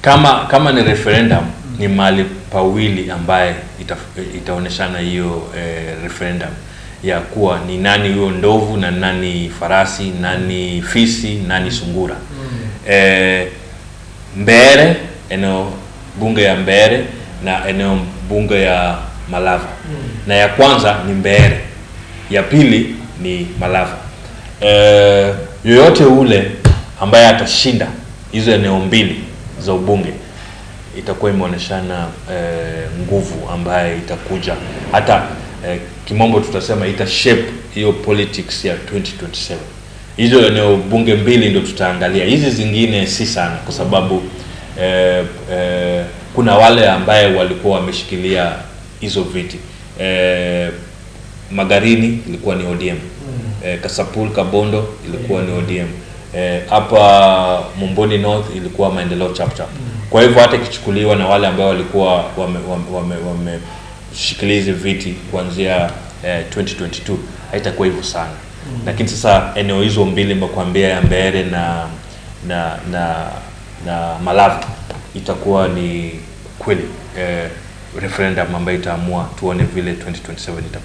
kama kama ni referendum ni mali pawili ambaye ita, itaoneshana hiyo eh, referendum ya kuwa ni nani huyo ndovu na nani farasi, nani fisi, nani sungura. Eh, mbere eneo bunge ya mbere na eneo bunge ya Malava, na ya kwanza ni mbere ya pili ni Malava. Eh, yoyote ule ambaye atashinda hizo eneo mbili za ubunge itakuwa imeoneshana eh, nguvu ambaye itakuja hata e, kimombo tutasema ita shape hiyo politics ya 2027. Hizo eneo bunge mbili ndio tutaangalia, hizi zingine si sana, kwa sababu e, e, kuna wale ambaye walikuwa wameshikilia hizo viti e, Magarini ilikuwa ni ODM mm. e, Kasapul Kabondo ilikuwa ni ODM Eh, hapa eh, Mumbuni North ilikuwa maendeleo chap chap. Kwa hivyo hata ikichukuliwa na wale ambao walikuwa wameshikilia wame, wame, wame hizi viti kuanzia eh, 2022 haitakuwa hivyo sana mm Lakini sasa eneo hizo mbili mbakwambia ya Mbeere na na na na Malawi itakuwa ni kweli eh, referendum ambayo itaamua tuone vile 2027 itakuwa.